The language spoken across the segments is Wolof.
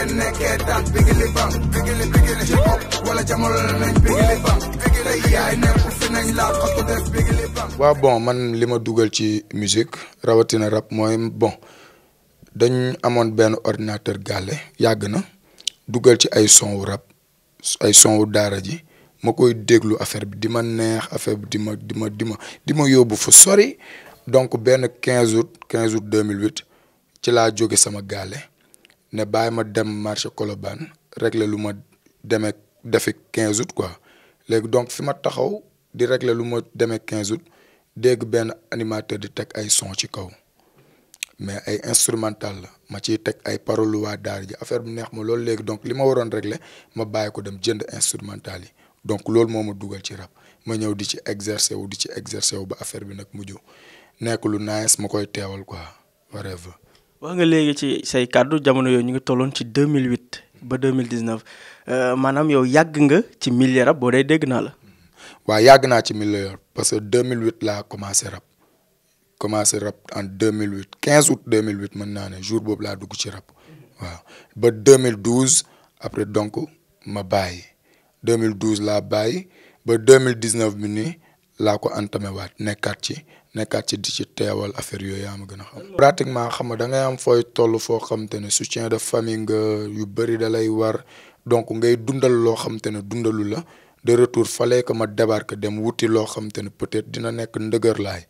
ngeen nekkee waaw bon man li ma dugal ci musique rawatina rab mooy bon dañ amoon benn ordinateur gàlle yàgg na dugal ci ay son wu ay son wu daara ji ma koy déglu affaire bi di ma neex affaire bi di ma di ma yóbbu fu sori donc benn quinze août 15 août 2008 ci laa jóge sama gàlle ne bàyyi ma dem marché Colobane régler lu ma demee defi quinze août quoi léegi donc fi ma taxaw di regle lu ma demee quinze août dégg benn animateur di teg ay son ci kaw mais ay instrumental la ma ciy teg ay parole waa daara ji affaire bu neex ma loolu léegi donc li ma waroon régler ma bàyyi ko dem jënd instrumental yi donc loolu moo ma dugal ci rab ma ñëw di ci exercer wu di ci exercer wu ba affaire bi nag mujj nekk lu nice ma koy teewal quoi whatever wax nga léegi ci say kaddu jamono yooyu ñu ngi tolloon ci 2008 ba 2019 euh, maanaam yow yàgg nga ci milieu rap boo dee dégg naa la. waa yàgg naa ci milieu rap parce que deux 2008 laa commencé rap commencé rap en 2008 15 août 2008 mën naa ne jour boobu laa dugg ci rap waaw ba 2012 après donc ma bàyyi 2012 laa bàyyi ba 2019 bi nii laa ko entamé waat nekkaat ci. nekkaat ci di ci teewal affaire yooyu yaa ma gën a xam. pratiquement xam nga da am fooy toll foo xam te ne soutien de famille nga yu bëri da lay war donc ngay dundal loo xam te ne dundalu la de retour fallait que ma débarque dem wuti loo xam te ne peut-être dina nekk ndëgër laay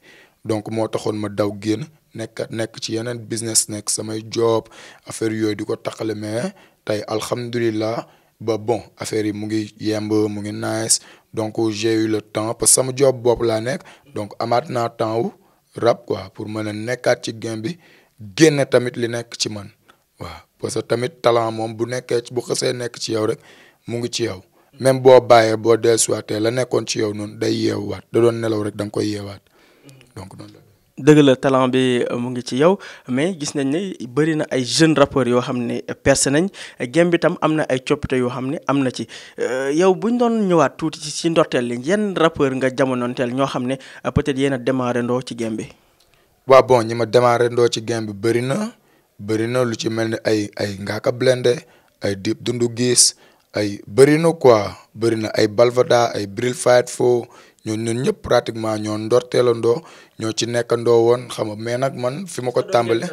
donc moo taxoon ma daw génn nekk nekk ci yeneen business nekk samay job affaire yooyu di ko taxale mais tey alhamdulilah. ba bon affaire yi mu ngi yemb mu ngi nice donc j'ai le temps parce que sama job bopp laa nekk donc amaat naa temps wu rab quoi pour mën a nekkaat ci game bi génne tamit li nekk ci man waaw parce que tamit talent moom bu nekkee bu xasee nekk ci yow rek mu ngi ci yow même boo bàyyee boo dellusiwaatee la nekkoon ci yow noonu day yeewuwaat da doon nelaw rek da nga koy yeewaat donc noonu dëgg la bi euh, mu ngi ci yow mais gis nañ ne bëri na ay jeunes rappeurs yoo xam ne percé nañ gem bi tam am na ay coppite yoo xam ne am na ci euh, yow bu ñu doon ñëwaat tuuti ci si ndorteel li yan rappeur nga jamonoonteel ñoo xam ne euh, peut-être yéen a démarré ndoo ci gem bi. waaw bon ñi ma démarré ndoo ci gem bi bëri na bëri na lu ci mel ni ay ay Ngaaka Blindé ay Dip Doundou Guiss ay bëri na quoi bëri na ay Balvada ay Bril Fight Fo ñooñu ñun ñëpp pratiquement ñoo ndorteelandoo ñoo ci nekkandoo woon xam nga mais nag man fi ma ko tàmbale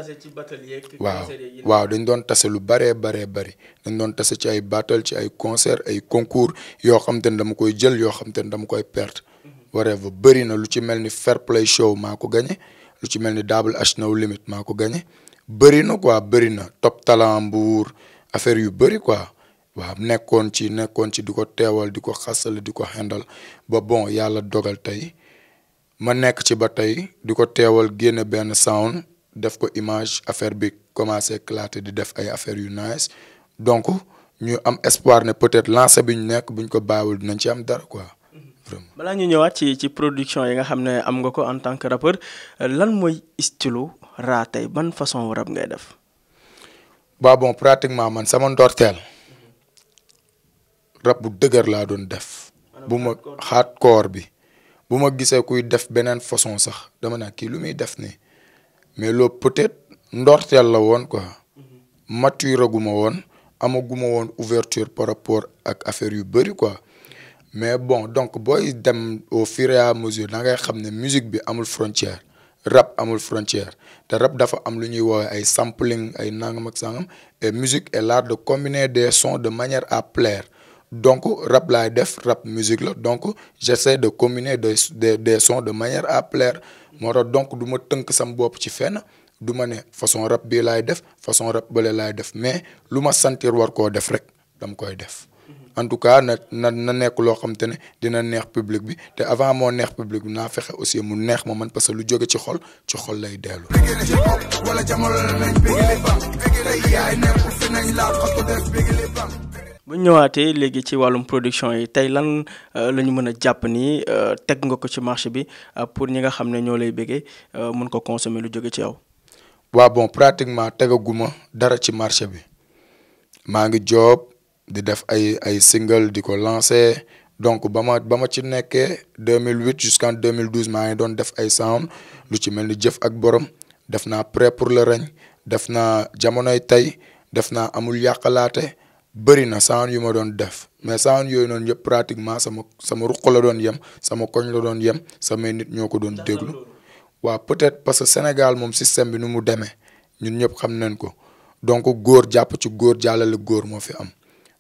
waaw waaw dañ doon tasse lu bëree baree bëri dañ doon tasse ci ay battle ci ay concert ay concours yoo xam te ne dama koy jël yoo xam te ne dama koy perte mhm. whatever bëri na lu ci mel ni fair play show maa ko lu ci mel ni double H no limit maa ko gagné bëri na quoi bëri na top talent mbuur affaire yu bëri quoi waaw nekkoon ci nekkoon ci di ko teewal di ko xasal di ko xendal ba bon yàlla dogal tey ma nekk ci ba tey di ko teewal génne benn sound def ko image affaire bi commencé éclater di def ay affaire yu nice donc ñu am espoir ne peut-être lancé bi ñu nekk buñ ko bàyyiwul dinañ ci am dara quoi. vraiment balaa ñu ñëwaat ci ci production yi nga xam ne am nga ko en tant que rappeur lan mooy stylo Ra tey ban façon rap ngay def. ba bon pratiquement man sama ndorteel. rab bu dëgër laa doon def bu ma xaat koor bi bu ma gisee kuy def beneen façon sax dama naa kii lu muy def nii mais loolu peut-être ndorteel la woon quoi mm-hmm. mature gu ma woon amaguma woon ouverture par rapport ak affaire yu bëri quoi mais bon donc booy dem au fur et à mesure da ngay xam ne musique bi amul frontière rab amul frontière te rap dafa am lu ñuy woowee ay sampling ay nangam ak sangam et musique et l'art de combiner des son de manière à plaire donc rab laay def rab musique la donc j'essaie de combiner des des des sons de manière à plaire moo tax donc du ma tënk sam bopp ci fenn du ma ne façon rap bii laay def façon rap bële laay def mais lu ma sentir war koo def rek dam koy def. en tout cas na na na nekk loo xam te ne dina neex public bi te avant moo neex public bi naa fexe aussi mu neex ma man parce que lu jóge ci xol ci xol lay dellu. wala bu ñëwaatee léegi ci wàllum production yi tey lan euh, la ñu mën a jàpp ni euh, teg nga ko ci marché bi euh, pour ñi nga xam ne ñoo lay bëggee mun ko consommer lu jóge ci aw waa bon pratiquement tegaguma dara ci marché bi maa ngi job di def ay ay single di ko lancé donc ba ma ba ma ci nekkee 2008 jusqu'en 2012 maa ngi doon def ay sound lu ci mel ni jëf ak borom def naa prêt pour le règne def naa jamonoy tey def naa amul yàqalaate. bëri na sound yu ma doon def mais sound yooyu noonu yëpp pratiquement sama sama ruq la doon yem sama koñ la doon yem samay nit ñoo ko doon déglu waaw peut-être parce que Sénégal moom système bi nu mu demee ñun ñëpp xam nañ ko donc góor jàpp ci góor jàllale góor moo fi am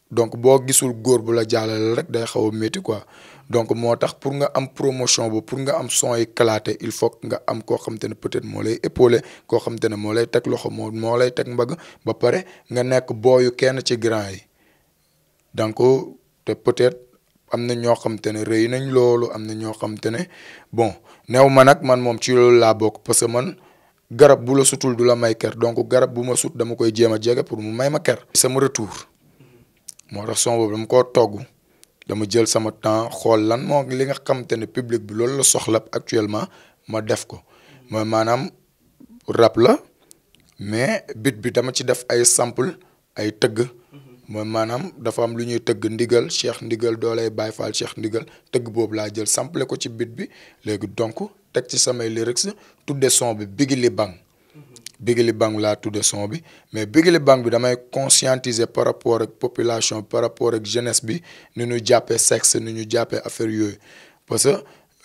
donc boo gisul góor bu la jàllale rek day xaw a métti quoi donc moo tax pour nga am promotion ba pour nga am son yi kalaate il faut nga am koo xam te ne peut-être moo lay épaulé koo xam te ne moo lay teg loxo moo moo lay teg mbagg ba pare nga nekk booyu kenn ci grand yi donc te peut-être am na ñoo xam te ne yi nañ loolu am na ñoo xam te ne bon new ma nag man moom ci loolu laa bokk parce que man garab bu la sutul du la may ker donc garab bu ma sut dama koy jéem a jege pour mu may ma ker. sama retour moo tax son boobu dama koo togg dama jël sama temps xool lan moo li nga xam te ne public bi loolu la soxla actuellement ma def ko ma maanaam rap la mais bit bi dama ci def ay sample ay tëgg. mooy maanaam dafa am lu ñuy tëgg ndigal cheikh ndigal doolay bay Fall cheikh ndigal tëgg boobu laa jël sample ko ci bit bi léegi donc teg ci samay lyrics tudde son bi Bigili Bang mhm. Bigili Bang laa tudde son bi mais Bigili Bang bi damay conscientiser par rapport ak population par rapport ak jeunesse bi nu ñu jàppee sexe nu ñu jàppee affaire yooyu parce que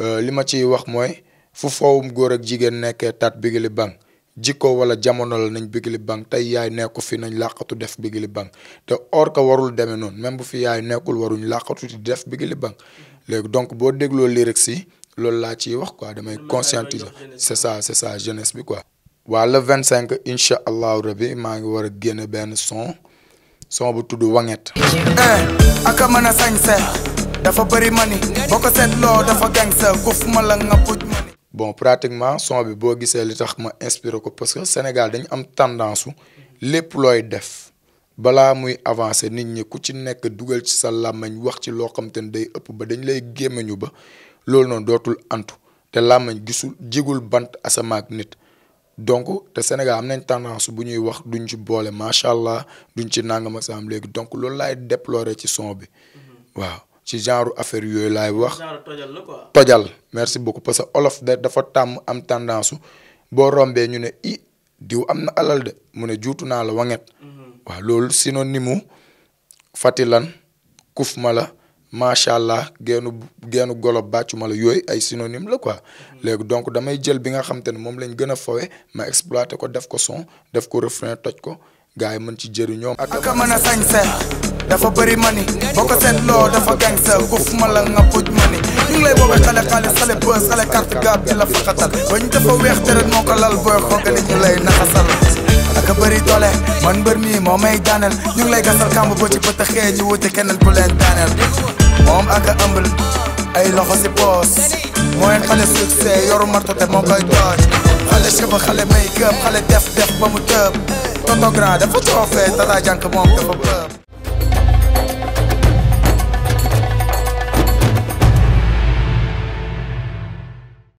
euh, li ma ciy wax mooy fu foowum góor ak jigéen nekkee tat Bigili Bang jikko wala jamono la nañ Bigli Bang tey yaay nekku fi nañ làqatu def Bigli Bang te or ka warul demee noonu même bu fi yaay nekkul waruñ làqatu di def Bigli Bang léegi donc boo dégloo lyrics yi loolu laa ciy wax quoi damay conscientiser c'est ça c'est ça jeunesse bi quoi. waa le 25 incha allahu rabi maa ngi war a génne benn son son bu tudd wanget. Eh, a mën a bon pratiquement son bi boo gisee li tax ma inspiré ko parce que Sénégal dañu am tendance lépp looy def balaa muy avancer nit ñi ku ci nekk dugal ci sa làmmañ wax ci loo xam te ne day ëpp ba dañ lay gémmañu ba loolu noonu dootul antu te làmmañ gisul jigul bant asamaak nit donc te Sénégal am nañ tendance bu ñuy wax duñ ci boole macha allah duñ ci nangam ak saam léegi donc loolu laay déplorer ci son bi mm-hmm. waaw. ci genre affaire yooyu laay wax. genre tojal merci beaucoup parce que olof de dafa tàmm am tendance su boo rombee ñu ne i diw am na alal de mu ne juutu naa la wanget mm-hmm. waaw loolu synonyme fatilan kuf ma la macha allah geenu geenu golo bàccu mala la yooyu ay synonyme la quoi. Mm-hmm. léegi donc damay jël bi nga xam te ne moom lañ gën a fawe ma exploité ko def ko son def ko refrain toj ko. gars yi mën ci jëriñoo. ak a a sañse dafa bëri mani boo ko seetloo dafa gangsa guf ma la nga puj mani ñu ngi lay woowee xale xale xale bës xale carte gaab di la faxatal ba ñu dafa weex deret moo ko lal booy xoogale ñu lay naxasal ak a bëri doole man mbër mii moo may daaneel ñu ngi lay gasal kàmb boo ci bët xee ji wuute keneen bu leen moom ak a ëmbal ay loxo si poos mooy xale succès yoru marto te moo koy dooj xale cheveux xale make up xale def def ba mu tëb tonton grand dafa coofee tata jànk moom dafa